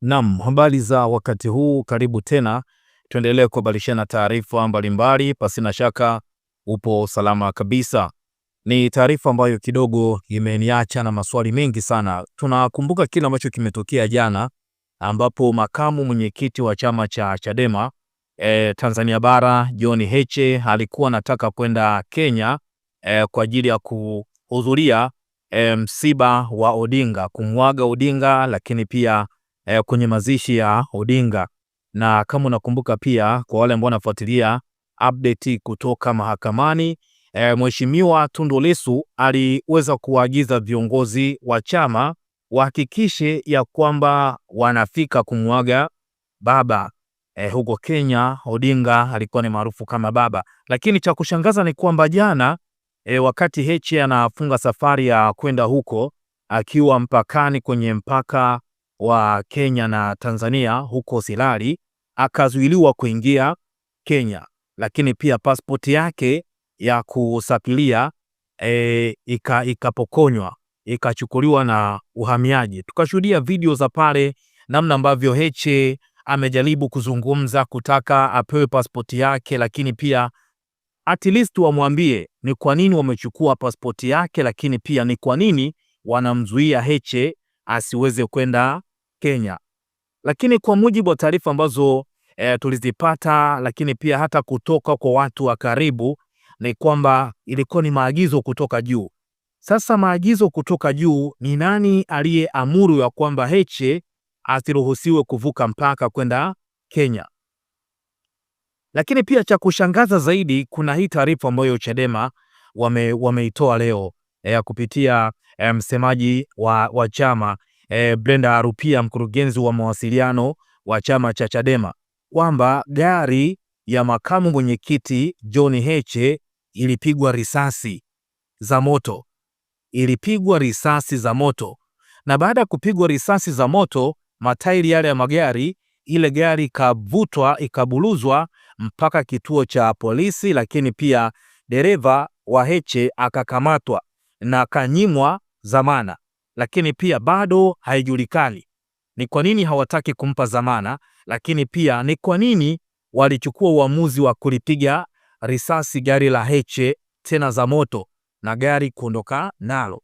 Naam, habari za wakati huu, karibu tena, tuendelee kubadilishana taarifa mbalimbali. Pasina shaka upo salama kabisa. Ni taarifa ambayo kidogo imeniacha na maswali mengi sana. Tunakumbuka kile ambacho kimetokea jana, ambapo makamu mwenyekiti wa chama cha Chadema e, Tanzania Bara John Heche alikuwa anataka kwenda Kenya e, kwa ajili ya kuhudhuria e, msiba wa Odinga, kumwaga Odinga, lakini pia eh, kwenye mazishi ya Odinga. Na kama unakumbuka pia, kwa wale ambao wanafuatilia update kutoka mahakamani eh, Mheshimiwa Tundu Lissu aliweza kuwaagiza viongozi wa chama wahakikishe ya kwamba wanafika kumwaga baba eh, huko Kenya. Odinga alikuwa ni maarufu kama baba, lakini cha kushangaza ni kwamba jana E, wakati Heche anafunga safari ya kwenda huko akiwa mpakani kwenye mpaka wa Kenya na Tanzania huko Silali akazuiliwa kuingia Kenya, lakini pia pasipoti yake ya kusafiria e, ikapokonywa ika ikachukuliwa na uhamiaji. Tukashuhudia video za pale namna ambavyo Heche amejaribu kuzungumza kutaka apewe pasipoti yake, lakini pia at least wamwambie ni kwa nini wamechukua pasipoti yake, lakini pia ni kwa nini wanamzuia Heche asiweze kwenda Kenya. Lakini kwa mujibu wa taarifa ambazo e, tulizipata lakini pia hata kutoka kwa watu wa karibu ni kwamba ilikuwa ni maagizo kutoka juu. Sasa maagizo kutoka juu ni nani aliyeamuru ya kwamba Heche asiruhusiwe kuvuka mpaka kwenda Kenya? Lakini pia cha kushangaza zaidi kuna hii taarifa ambayo Chadema wameitoa wame leo ya eh, kupitia eh, msemaji wa, wa chama e, eh, Brenda Arupia, mkurugenzi wa mawasiliano wa chama cha Chadema kwamba gari ya makamu mwenyekiti John Heche ilipigwa risasi za moto, ilipigwa risasi za moto, na baada ya kupigwa risasi za moto matairi yale ya magari, ile gari ikavutwa ikabuluzwa mpaka kituo cha polisi, lakini pia dereva wa Heche akakamatwa na akanyimwa dhamana lakini pia bado haijulikani ni kwa nini hawataki kumpa dhamana, lakini pia ni kwa nini walichukua uamuzi wa kulipiga risasi gari la Heche tena za moto na gari kuondoka nalo.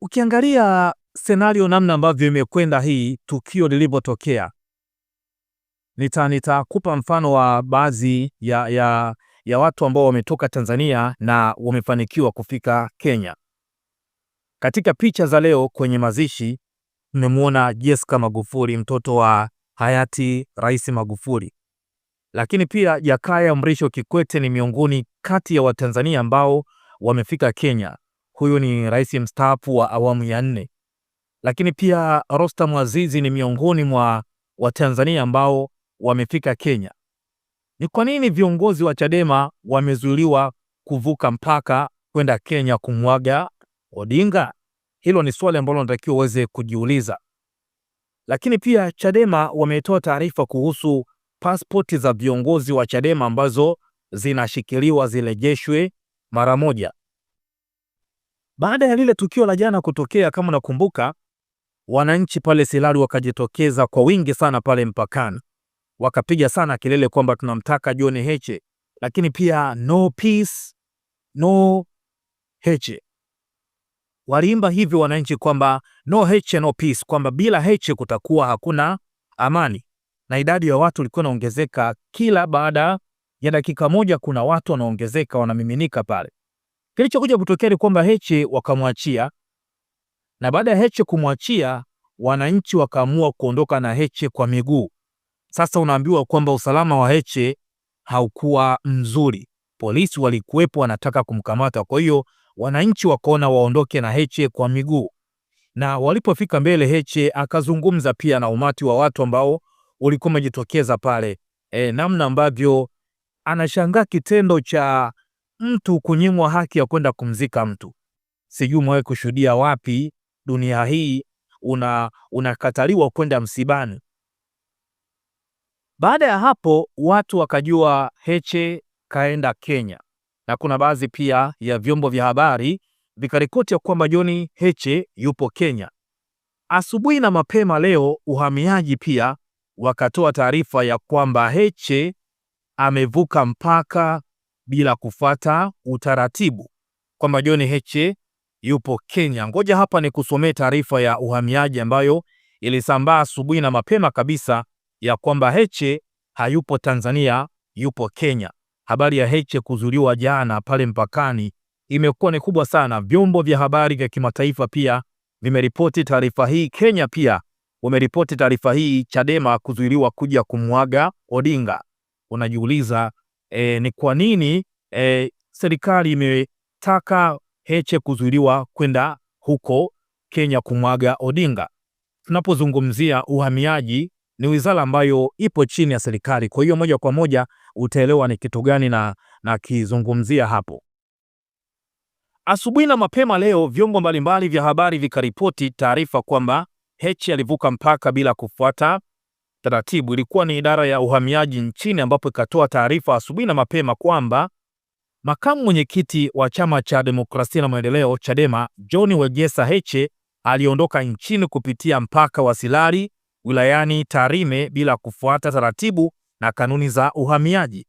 Ukiangalia senario namna ambavyo imekwenda hii tukio lilivyotokea, nita nitakupa mfano wa baadhi ya, ya, ya watu ambao wametoka Tanzania na wamefanikiwa kufika Kenya. Katika picha za leo kwenye mazishi mmemwona Jessica Magufuli, mtoto wa hayati Rais Magufuli, lakini pia Jakaya Mrisho Kikwete ni miongoni kati ya Watanzania ambao wamefika Kenya. Huyu ni rais mstaafu wa awamu ya nne, lakini pia Rostam Azizi ni miongoni mwa Watanzania ambao wamefika Kenya. Ni kwa nini viongozi wa Chadema wamezuiliwa kuvuka mpaka kwenda Kenya kumwaga Odinga? Hilo ni swali ambalo natakiwa uweze kujiuliza. Lakini pia Chadema wametoa taarifa kuhusu pasipoti za viongozi wa Chadema ambazo zinashikiliwa zirejeshwe mara moja. Baada ya lile tukio la jana kutokea, kama nakumbuka, wananchi pale Silali wakajitokeza kwa wingi sana pale mpakani, wakapiga sana kelele kwamba tunamtaka John Heche, lakini pia no peace no Heche waliimba hivyo wananchi kwamba no Heche no peace, kwamba bila Heche kutakuwa hakuna amani, na idadi ya watu ilikuwa inaongezeka kila baada ya dakika moja, kuna watu wanaongezeka wanamiminika pale. Kilichokuja kutokea ni kwamba Heche wakamwachia, na baada ya Heche kumwachia, wananchi wakaamua kuondoka na Heche kwa miguu. Sasa unaambiwa kwamba usalama wa Heche haukuwa mzuri, polisi walikuwepo wanataka kumkamata, kwa hiyo wananchi wakaona waondoke na Heche kwa miguu, na walipofika mbele Heche akazungumza pia na umati wa watu ambao ulikuwa umejitokeza pale e, namna ambavyo anashangaa kitendo cha mtu kunyimwa haki ya kwenda kumzika mtu. Sijui mwawe kushuhudia wapi dunia hii una unakataliwa kwenda msibani. Baada ya hapo watu wakajua Heche kaenda Kenya na kuna baadhi pia ya vyombo vya habari vikaripoti ya kwamba John Heche yupo Kenya. Asubuhi na mapema leo, uhamiaji pia wakatoa taarifa ya kwamba Heche amevuka mpaka bila kufata utaratibu, kwamba John Heche yupo Kenya. Ngoja hapa ni kusomee taarifa ya uhamiaji ambayo ilisambaa asubuhi na mapema kabisa ya kwamba Heche hayupo Tanzania, yupo Kenya habari ya Heche kuzuliwa jana pale mpakani imekuwa ni kubwa sana. Vyombo vya habari vya kimataifa pia vimeripoti taarifa hii. Kenya pia wameripoti taarifa hii, Chadema kuzuiliwa kuja kumwaga Odinga. Unajiuliza e, ni kwa nini e, serikali imetaka Heche kuzuiliwa kwenda huko Kenya kumwaga Odinga? Tunapozungumzia uhamiaji, ni wizara ambayo ipo chini ya serikali, kwa hiyo moja kwa moja utaelewa ni kitu gani na nakizungumzia hapo. Asubuhi na mapema leo vyombo mbalimbali vya habari vikaripoti taarifa kwamba Heche alivuka mpaka bila kufuata taratibu. Ilikuwa ni idara ya uhamiaji nchini ambapo ikatoa taarifa asubuhi na mapema kwamba makamu mwenyekiti wa chama cha demokrasia na maendeleo Chadema John Wegesa Heche aliondoka nchini kupitia mpaka wa Silari wilayani Tarime bila kufuata taratibu na kanuni za uhamiaji.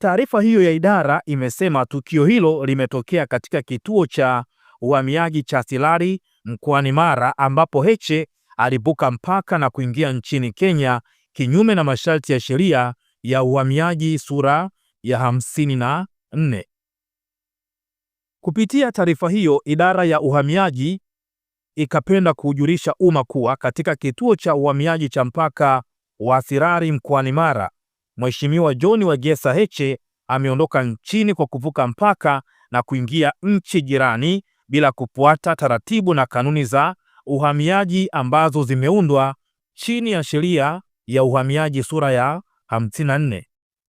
Taarifa hiyo ya idara imesema tukio hilo limetokea katika kituo cha uhamiaji cha Silari mkoani Mara, ambapo Heche alivuka mpaka na kuingia nchini Kenya kinyume na masharti ya sheria ya uhamiaji sura ya 54. Kupitia taarifa hiyo, idara ya uhamiaji ikapenda kujulisha umma kuwa katika kituo cha uhamiaji cha mpaka wa Sirari mkoani Mara, Mheshimiwa John Wagesa Heche ameondoka nchini kwa kuvuka mpaka na kuingia nchi jirani bila kufuata taratibu na kanuni za uhamiaji ambazo zimeundwa chini ya sheria ya uhamiaji sura ya 54.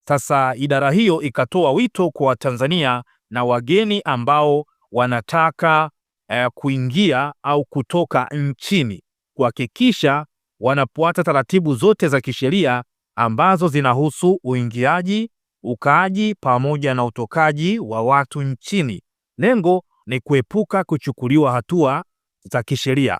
Sasa idara hiyo ikatoa wito kwa Watanzania na wageni ambao wanataka eh, kuingia au kutoka nchini kuhakikisha wanafuata taratibu zote za kisheria ambazo zinahusu uingiaji, ukaaji pamoja na utokaji wa watu nchini. Lengo ni kuepuka kuchukuliwa hatua za kisheria.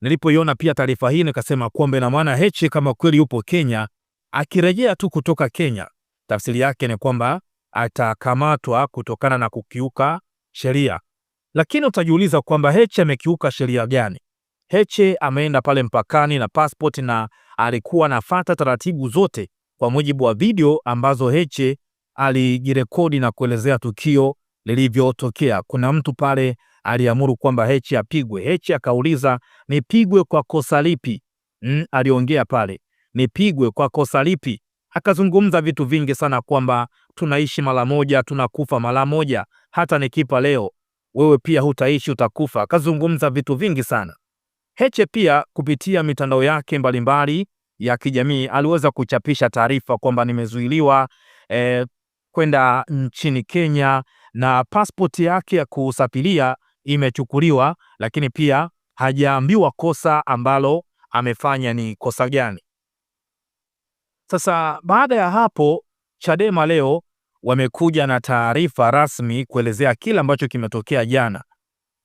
Nilipoiona pia taarifa hii nikasema, kumbe na maana Heche kama kweli yupo Kenya, akirejea tu kutoka Kenya, tafsiri yake ni kwamba atakamatwa kutokana na kukiuka sheria. Lakini utajiuliza kwamba Heche amekiuka sheria gani? Heche ameenda pale mpakani na passport na alikuwa anafata taratibu zote kwa mujibu wa video ambazo Heche alijirekodi na kuelezea tukio lilivyotokea. Kuna mtu pale aliamuru kwamba Heche apigwe. Heche akauliza nipigwe kwa kosa lipi? Mm, aliongea pale nipigwe kwa kosa lipi? Akazungumza vitu vingi sana kwamba tunaishi mara moja, tunakufa mara moja, hata nikipa leo wewe pia hutaishi, utakufa. Akazungumza vitu vingi sana. Heche pia kupitia mitandao yake mbalimbali ya kijamii aliweza kuchapisha taarifa kwamba nimezuiliwa eh, kwenda nchini Kenya na pasipoti yake ya kusafiria imechukuliwa, lakini pia hajaambiwa kosa ambalo amefanya ni kosa gani. Sasa baada ya hapo, Chadema leo wamekuja na taarifa rasmi kuelezea kile ambacho kimetokea jana.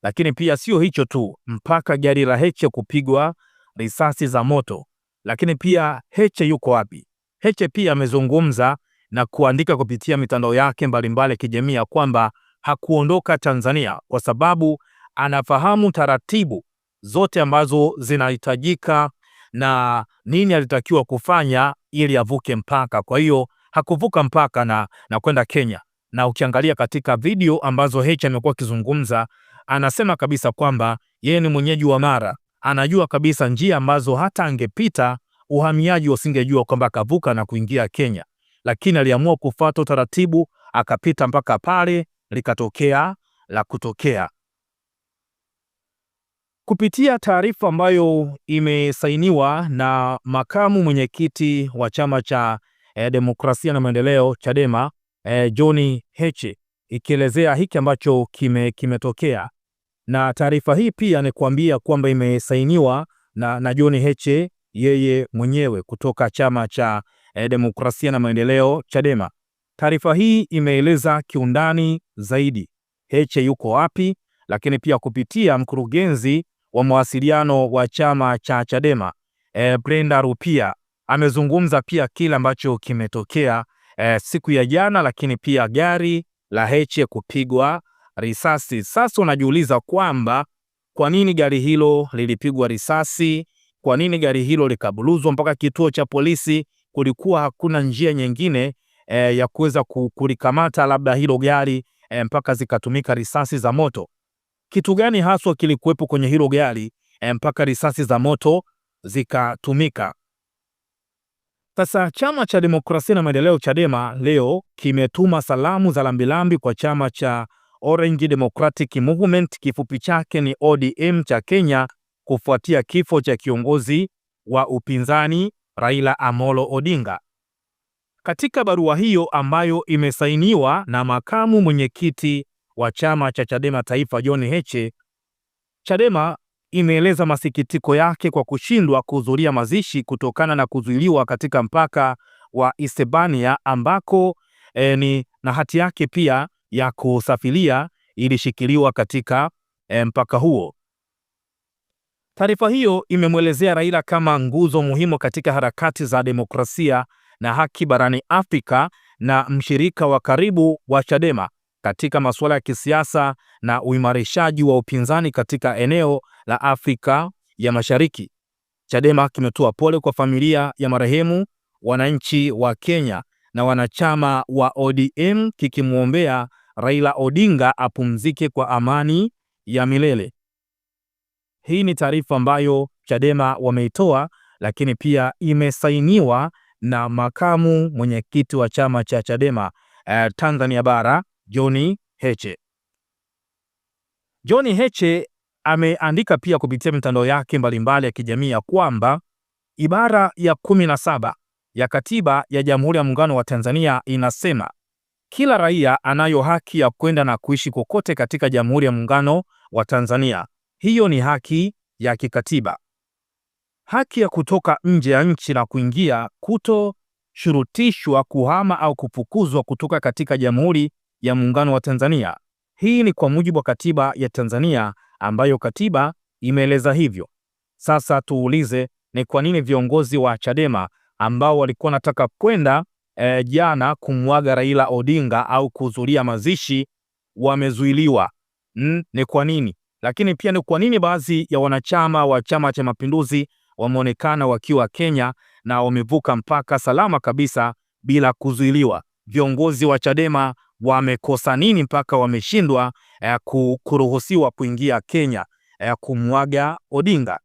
Lakini pia sio hicho tu, mpaka gari la Heche kupigwa risasi za moto. Lakini pia Heche yuko wapi? Heche pia amezungumza na kuandika kupitia mitandao yake mbalimbali ya kijamii ya kwamba hakuondoka Tanzania kwa sababu anafahamu taratibu zote ambazo zinahitajika na nini alitakiwa kufanya ili avuke mpaka. Kwa hiyo hakuvuka mpaka na, na kwenda Kenya. Na ukiangalia katika video ambazo Heche amekuwa akizungumza anasema kabisa kwamba yeye ni mwenyeji wa Mara, anajua kabisa njia ambazo hata angepita uhamiaji usingejua kwamba akavuka na kuingia Kenya, lakini aliamua kufuata utaratibu, akapita mpaka pale likatokea la kutokea. Kupitia taarifa ambayo imesainiwa na makamu mwenyekiti wa chama cha e, demokrasia na maendeleo Chadema e, John Heche ikielezea hiki ambacho kime kimetokea, na taarifa hii pia ni kuambia kwamba imesainiwa na, na John Heche yeye mwenyewe kutoka chama cha e, demokrasia na maendeleo Chadema. Taarifa hii imeeleza kiundani zaidi Heche yuko wapi, lakini pia kupitia mkurugenzi wa mawasiliano wa chama cha Chadema e, Brenda Rupia amezungumza pia kile ambacho kimetokea e, siku ya jana, lakini pia gari la Heche kupigwa risasi. Sasa unajiuliza kwamba kwa nini gari hilo lilipigwa risasi, kwa nini gari hilo likabuluzwa mpaka kituo cha polisi? Kulikuwa hakuna njia nyingine e, ya kuweza kulikamata labda hilo gari e, mpaka zikatumika risasi za moto. Kitu gani haswa kilikuwepo kwenye hilo gari e, mpaka risasi za moto zikatumika? Sasa chama cha demokrasia na maendeleo Chadema leo kimetuma salamu za lambilambi kwa chama cha Orange Democratic Movement, kifupi chake ni ODM cha Kenya, kufuatia kifo cha kiongozi wa upinzani Raila Amolo Odinga. Katika barua hiyo ambayo imesainiwa na makamu mwenyekiti wa chama cha Chadema Taifa John Heche, Chadema imeeleza masikitiko yake kwa kushindwa kuhudhuria mazishi kutokana na kuzuiliwa katika mpaka wa isebania ambako e, ni na hati yake pia ya kusafiria ilishikiliwa katika e, mpaka huo. Taarifa hiyo imemwelezea Raila kama nguzo muhimu katika harakati za demokrasia na haki barani Afrika na mshirika wa karibu wa Chadema katika masuala ya kisiasa na uimarishaji wa upinzani katika eneo la Afrika ya Mashariki. Chadema kimetoa pole kwa familia ya marehemu, wananchi wa Kenya na wanachama wa ODM kikimwombea Raila Odinga apumzike kwa amani ya milele. Hii ni taarifa ambayo Chadema wameitoa, lakini pia imesainiwa na makamu mwenyekiti wa chama cha Chadema eh, Tanzania bara John Heche. John Heche ameandika pia kupitia mitandao yake mbalimbali ya kijamii ya kwamba ibara ya kumi na saba ya Katiba ya Jamhuri ya Muungano wa Tanzania inasema kila raia anayo haki ya kwenda na kuishi kokote katika Jamhuri ya Muungano wa Tanzania. Hiyo ni haki ya kikatiba. Haki ya kutoka nje ya nchi na kuingia, kutoshurutishwa kuhama au kufukuzwa kutoka katika Jamhuri ya Muungano wa Tanzania. Hii ni kwa mujibu wa katiba ya Tanzania ambayo katiba imeeleza hivyo. Sasa tuulize, ni kwa nini viongozi wa Chadema ambao walikuwa wanataka kwenda e, jana kumwaga Raila Odinga au kuhudhuria mazishi wamezuiliwa? Mm, ni kwa nini? Lakini pia ni kwa nini baadhi ya wanachama wa Chama cha Mapinduzi wameonekana wakiwa Kenya na wamevuka mpaka salama kabisa bila kuzuiliwa? Viongozi wa Chadema wamekosa nini mpaka wameshindwa eh, kuruhusiwa kuingia Kenya eh, kumwaga Odinga.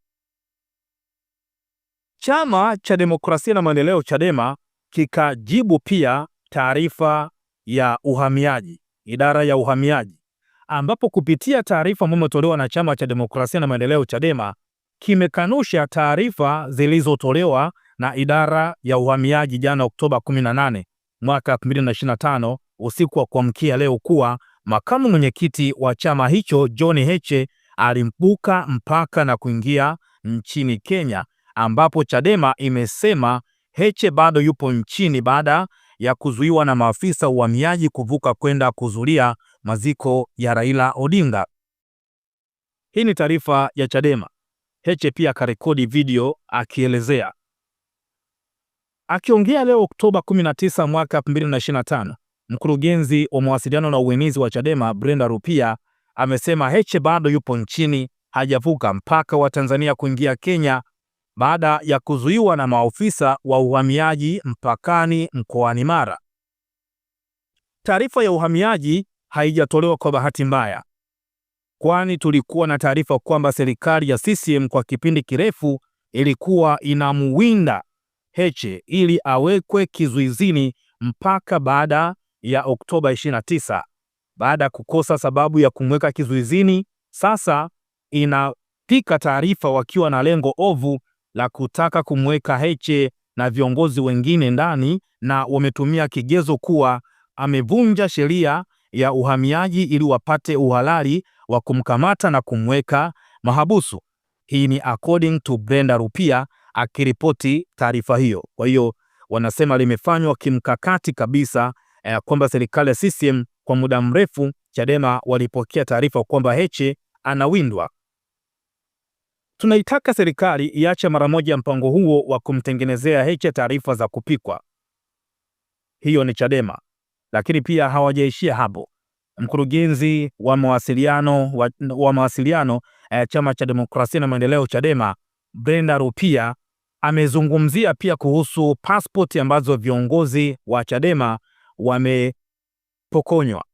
Chama cha Demokrasia na Maendeleo Chadema kikajibu pia taarifa ya uhamiaji, idara ya uhamiaji, ambapo kupitia taarifa ambayo imetolewa na chama cha Demokrasia na Maendeleo Chadema kimekanusha taarifa zilizotolewa na idara ya uhamiaji jana Oktoba 18 mwaka 2025 usiku wa kuamkia leo kuwa makamu mwenyekiti wa chama hicho John Heche alimbuka mpaka na kuingia nchini Kenya, ambapo Chadema imesema Heche bado yupo nchini baada ya kuzuiwa na maafisa uhamiaji kuvuka kwenda kuzulia maziko ya Raila Odinga. Hii ni taarifa ya Chadema. Heche pia akarekodi video akielezea. Akiongea leo Oktoba 19 mwaka 2025, Mkurugenzi wa mawasiliano na uenezi wa Chadema Brenda Rupia amesema Heche bado yupo nchini, hajavuka mpaka wa Tanzania kuingia Kenya baada ya kuzuiwa na maofisa wa uhamiaji mpakani mkoani Mara. Taarifa ya uhamiaji haijatolewa kwa bahati mbaya, kwani tulikuwa na taarifa kwamba serikali ya CCM kwa kipindi kirefu ilikuwa inamuwinda Heche ili awekwe kizuizini mpaka baada ya Oktoba 29 baada ya kukosa sababu ya kumweka kizuizini. Sasa inapika taarifa wakiwa na lengo ovu la kutaka kumweka Heche na viongozi wengine ndani, na wametumia kigezo kuwa amevunja sheria ya uhamiaji ili wapate uhalali wa kumkamata na kumweka mahabusu. Hii ni according to Brenda Rupia akiripoti taarifa hiyo. Kwa hiyo wanasema limefanywa kimkakati kabisa eh, kwamba serikali ya CCM kwa muda mrefu Chadema walipokea taarifa kwamba Heche anawindwa. Tunaitaka serikali iache mara moja mpango huo wa kumtengenezea Heche taarifa za kupikwa. Hiyo ni Chadema, lakini pia hawajaishia hapo. Mkurugenzi wa mawasiliano wa, wa mawasiliano eh, chama cha demokrasia na maendeleo Chadema, Brenda Rupia amezungumzia pia kuhusu pasipoti ambazo viongozi wa Chadema wamepokonywa.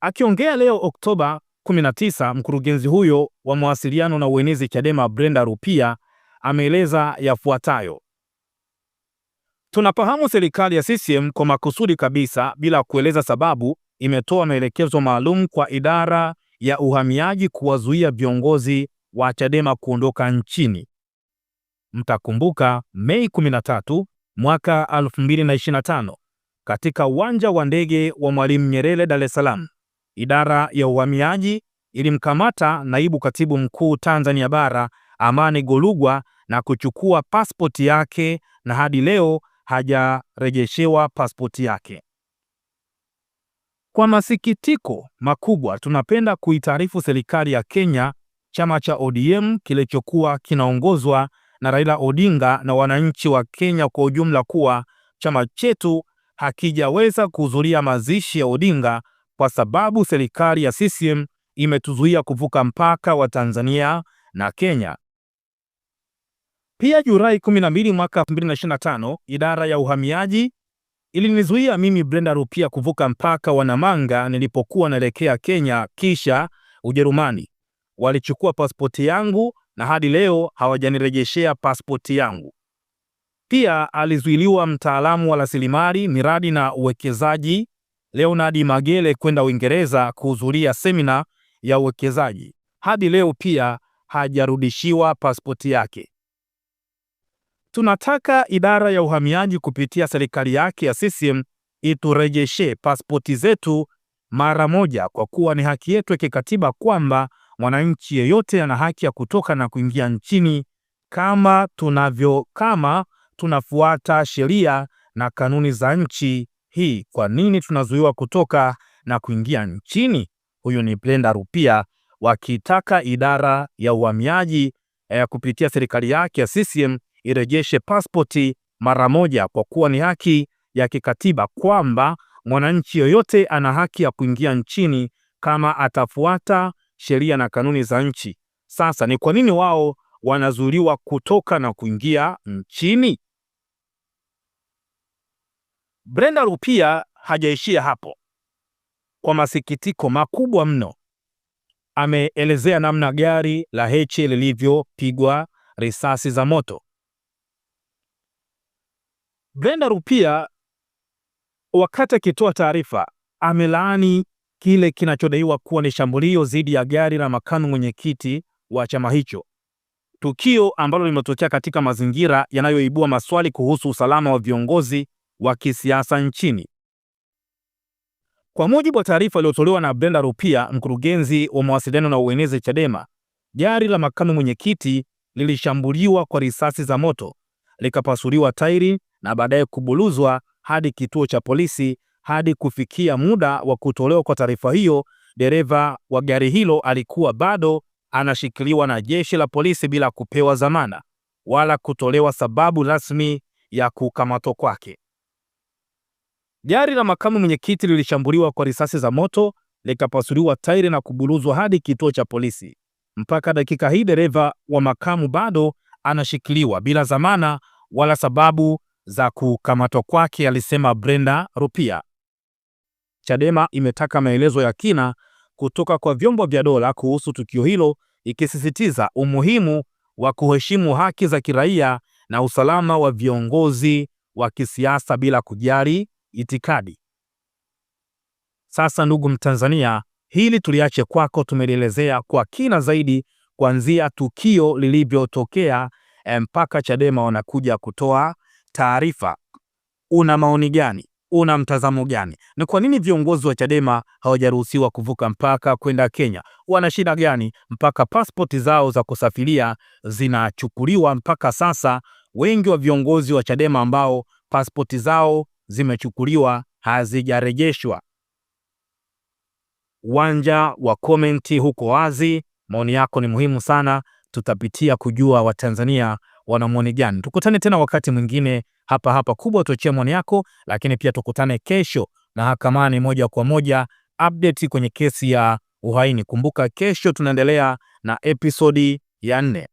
Akiongea leo Oktoba 19, mkurugenzi huyo wa mawasiliano na uenezi Chadema Brenda Rupia ameeleza yafuatayo: Tunafahamu serikali ya CCM kwa makusudi kabisa bila kueleza sababu imetoa maelekezo maalum kwa idara ya uhamiaji kuwazuia viongozi wa Chadema kuondoka nchini. Mtakumbuka Mei mwaka 2025 katika uwanja wa ndege wa Mwalimu Nyerere Dar es Salaam, idara ya uhamiaji ilimkamata naibu katibu mkuu Tanzania Bara Amani Golugwa na kuchukua pasipoti yake na hadi leo hajarejeshewa pasipoti yake. Kwa masikitiko makubwa, tunapenda kuitaarifu serikali ya Kenya, chama cha ODM kilichokuwa kinaongozwa na Raila Odinga na wananchi wa Kenya kwa ujumla kuwa chama chetu hakijaweza kuhudhuria mazishi ya Odinga kwa sababu serikali ya CCM imetuzuia kuvuka mpaka wa Tanzania na Kenya. Pia Julai 12 mwaka 2025, idara ya uhamiaji ilinizuia mimi Brenda Rupia kuvuka mpaka wa Namanga nilipokuwa naelekea Kenya kisha Ujerumani. Walichukua pasipoti yangu na hadi leo hawajanirejeshea pasipoti yangu. Pia alizuiliwa mtaalamu wa rasilimali, miradi na uwekezaji Leonard magele kwenda Uingereza kuhudhuria semina ya uwekezaji. Hadi leo pia hajarudishiwa pasipoti yake. Tunataka idara ya uhamiaji kupitia serikali yake ya CCM iturejeshe pasipoti zetu mara moja, kwa kuwa ni haki yetu ya kikatiba kwamba mwananchi yeyote ana haki ya kutoka na kuingia nchini kama tunavyo kama tunafuata sheria na kanuni za nchi hii. Kwa nini tunazuiwa kutoka na kuingia nchini? Huyu ni Brenda Rupia wakitaka idara ya uhamiaji ya eh, kupitia serikali yake ya CCM irejeshe pasipoti mara moja, kwa kuwa ni haki ya kikatiba kwamba mwananchi yoyote ana haki ya kuingia nchini kama atafuata sheria na kanuni za nchi. Sasa ni kwa nini wao wanazuiliwa kutoka na kuingia nchini? Brenda Rupia hajaishia hapo. Kwa masikitiko makubwa mno, ameelezea namna gari la Heche lilivyopigwa risasi za moto. Brenda Rupia wakati akitoa taarifa amelaani kile kinachodaiwa kuwa ni shambulio dhidi ya gari la makamu mwenyekiti wa chama hicho, tukio ambalo limetokea katika mazingira yanayoibua maswali kuhusu usalama wa viongozi wa kisiasa nchini. Kwa mujibu wa taarifa iliyotolewa na Brenda Rupia, mkurugenzi wa mawasiliano na uenezi Chadema, gari la makamu mwenyekiti lilishambuliwa kwa risasi za moto, likapasuliwa tairi na baadaye kubuluzwa hadi kituo cha polisi hadi kufikia muda wa kutolewa kwa taarifa hiyo, dereva wa gari hilo alikuwa bado anashikiliwa na jeshi la polisi bila kupewa dhamana wala kutolewa sababu rasmi ya kukamatwa kwake. Gari la makamu mwenyekiti lilishambuliwa kwa risasi za moto, likapasuliwa tairi na kubuluzwa hadi kituo cha polisi. Mpaka dakika hii dereva wa makamu bado anashikiliwa bila dhamana wala sababu za kukamatwa kwake, alisema Brenda Rupia, Chadema imetaka maelezo ya kina kutoka kwa vyombo vya dola kuhusu tukio hilo, ikisisitiza umuhimu wa kuheshimu haki za kiraia na usalama wa viongozi wa kisiasa bila kujali itikadi. Sasa ndugu Mtanzania, hili tuliache kwako. Tumelielezea kwa kina zaidi kuanzia tukio lilivyotokea eh, mpaka Chadema wanakuja kutoa taarifa. Una maoni gani? una mtazamo gani? Na kwa nini viongozi wa Chadema hawajaruhusiwa kuvuka mpaka kwenda Kenya? Wana shida gani mpaka pasipoti zao za kusafiria zinachukuliwa? Mpaka sasa wengi wa viongozi wa Chadema ambao pasipoti zao zimechukuliwa hazijarejeshwa. Uwanja wa komenti huko wazi, maoni yako ni muhimu sana, tutapitia kujua Watanzania wana maoni gani. Tukutane tena wakati mwingine hapa hapa kubwa, tuachie maoni yako, lakini pia tukutane kesho mahakamani moja kwa moja, update kwenye kesi ya uhaini. Kumbuka kesho tunaendelea na episodi ya nne.